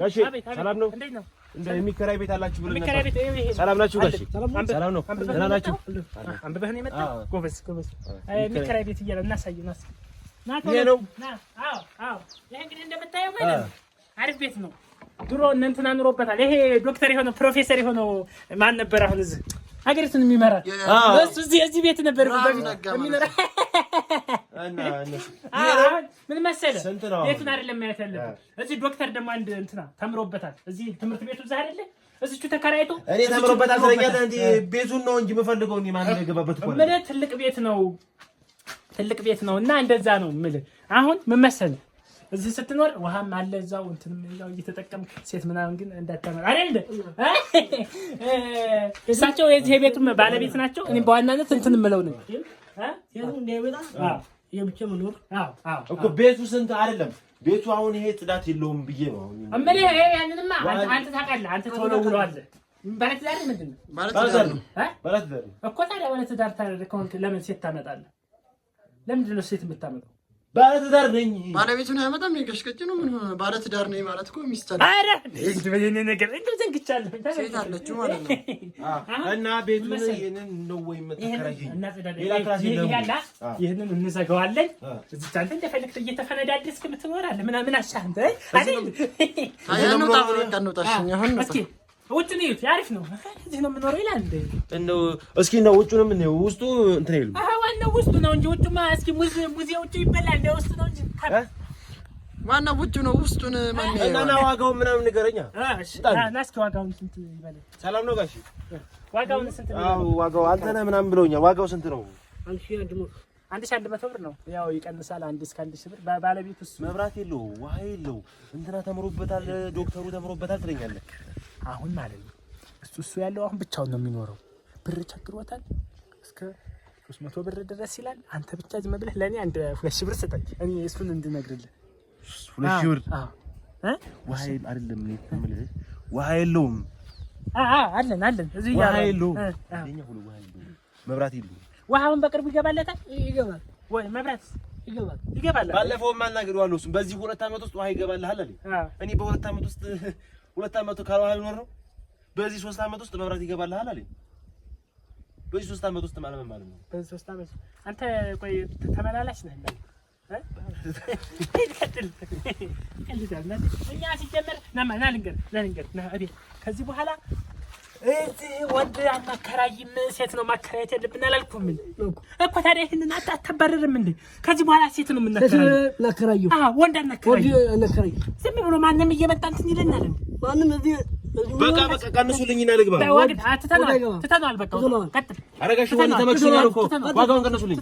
ጋሼ ሰላም ነው? እንደ የሚከራይ ቤት አላችሁ ብለን ነበር። ሰላም ናችሁ ጋሼ? ሰላም ነው? ደህና ናችሁ? አንብበህ ነው የመጣው? ጎበዝ ጎበዝ። የሚከራይ ቤት እያለ እናሳየው ነው። ይሄ ነው። አዎ አዎ። ይሄ እንግዲህ እንደምታየው ማለት አሪፍ ቤት ነው። ድሮ እነ እንትና ኑሮበታል። ይሄ ዶክተር የሆነው ፕሮፌሰር የሆነው ማን ነበር? አሁን እዚህ ሀገሪቱን የሚመራት እሱ እዚህ ቤት ነበር የሚኖረው መሰለ ቤቱን አይደለም ማየት ያለብህ። እዚህ ዶክተር ደግሞ አንድ እንትና ተምሮበታል። እዚህ ትምህርት ቤቱ እዛ አይደለ እዚቹ ተከራይቶ እኔ ተምሮበታል ስለኛለ እንዲ ቤቱን ነው እንጂ የምፈልገው እኔ ማን የገባበት እኮ ምን ትልቅ ቤት ነው ትልቅ ቤት ነው እና እንደዛ ነው ምል አሁን ምን መሰለ እዚህ ስትኖር ውሃም አለ እዛው እንትንም እዛው እየተጠቀምክ ሴት ምናምን ግን እንዳታመር አይደል? እሳቸው የዚህ ቤቱም ባለቤት ናቸው። እኔ በዋናነት እንትን ምለው ነው አ የብቻ መኖር አዎ አዎ እኮ ቤቱ ስንት አይደለም ቤቱ አሁን ይሄ ጽዳት የለውም ብዬ ነው እምልህ። ይሄ ያንንማ አንተ ታውቃለህ፣ አንተ ተወለውለዋለህ። ባለትዳር ምንድን ነው? ባለትዳር ነው እኮ። ታዲያ ባለትዳር ከሆንክ ለምን ሴት ታመጣለህ? ለምንድን ነው ሴት የምታመጣው? ባለትዳር ነኝ። ባለቤቱን አያመጣም። የቀሽቀጭ ነው ምን ሆነ? ባለትዳር ነኝ ማለት እኮ ሚስት ነገር እንደው ዘንግቻለሁ። ሴት አለችው ማለት ነው። እና ቤቱን ይሄንን ነው ወይ መተከራየኝ? ሌላ እንዘጋዋለን። እዚህ አንተ እንደፈለክ እየተፈነዳደስክ ምትኖራለህ። ምን ምን አይደል? አይነው ታብሎ እንዳንወጣሽኝ አሁን ነው ነው እዚህ ነው የምኖረው ይላል። እንደው እስኪ ነው ውጭንም ነው ውስጡ እንትን ይሉ ዋናው ውስጡ ነው እንጂ ውጭማ እስኪ ሙዜ ይበላል። ውስጡ ነው እንጂ ዋናው ውጭ ነው። ውስጡን እና ዋጋውን ምናምን ንገረኛ። ሰላም ነው ጋሽ? ዋጋው አንተ ነህ ምናምን ብለውኛል። ዋጋው ስንት ነው? አንድ ሺህ አንድ መቶ ብር ነው። ያው ይቀንሳል። አንድ እስከ አንድ ሺህ ብር ባለቤት እሱ መብራት የለው ውሃ የለው እንትና ተምሮበታል፣ ዶክተሩ ተምሮበታል ትለኛለህ። አሁን ማለት ነው እሱ እሱ ያለው አሁን ብቻውን ነው የሚኖረው። ብር ቸግሮታል እስከ ሶስት መቶ ብር ድረስ ይላል። አንተ ብቻ ዝም ብለህ ለእኔ አንድ ሁለት ሺህ ብር ስጠኝ፣ እኔ እሱን እንድነግርልህ። ሁለት ሺህ ብር ውሃ አይደለም ውሃ የለውም። አለን አለን፣ እዚህ ውሃ የለውም፣ መብራት የለውም። ውሃውን በቅርቡ ይገባለታል። ይገባል ወይ መብራት ይገባል ይገባል። ባለፈው ዋለው እሱ በዚህ ሁለት ዓመት ውስጥ ውሃ ይገባልሃል አለኝ። እኔ በሁለት ዓመት ውስጥ ሁለት ዓመት ካልውሃ ቢኖር ነው። በዚህ ሶስት ዓመት ውስጥ መብራት ይገባልሃል አለኝ። በዚህ ሶስት አመት ውስጥ ማለት ማለት ነው። በዚህ ሶስት አመት አንተ ቆይ ተመላላሽ ነህ እንዴ? እኛ ሲጀመር ና ና ና ልንገርህ ና እቤት ከዚህ በኋላ እዚህ ወንድ አናከራይም፣ ሴት ነው ማከራየት ያለብን አላልኩም እኮ። ታዲያ ይህንን አታባረርም እንዴ? ከዚህ በኋላ ሴት ነው የምናከራየው፣ ወንድ አናከራይም። ዝም ብሎ ማንም እየመጣ እንትን ይለናል። ማንም እዚህ በቃ በቃ ቀንሱልኝና ልግባ። አትተናል፣ ትተናል። በቃ ቀጥል። አረጋሽ ዋን ተመችቶኛል እኮ ዋጋውን ቀንሱልኝ።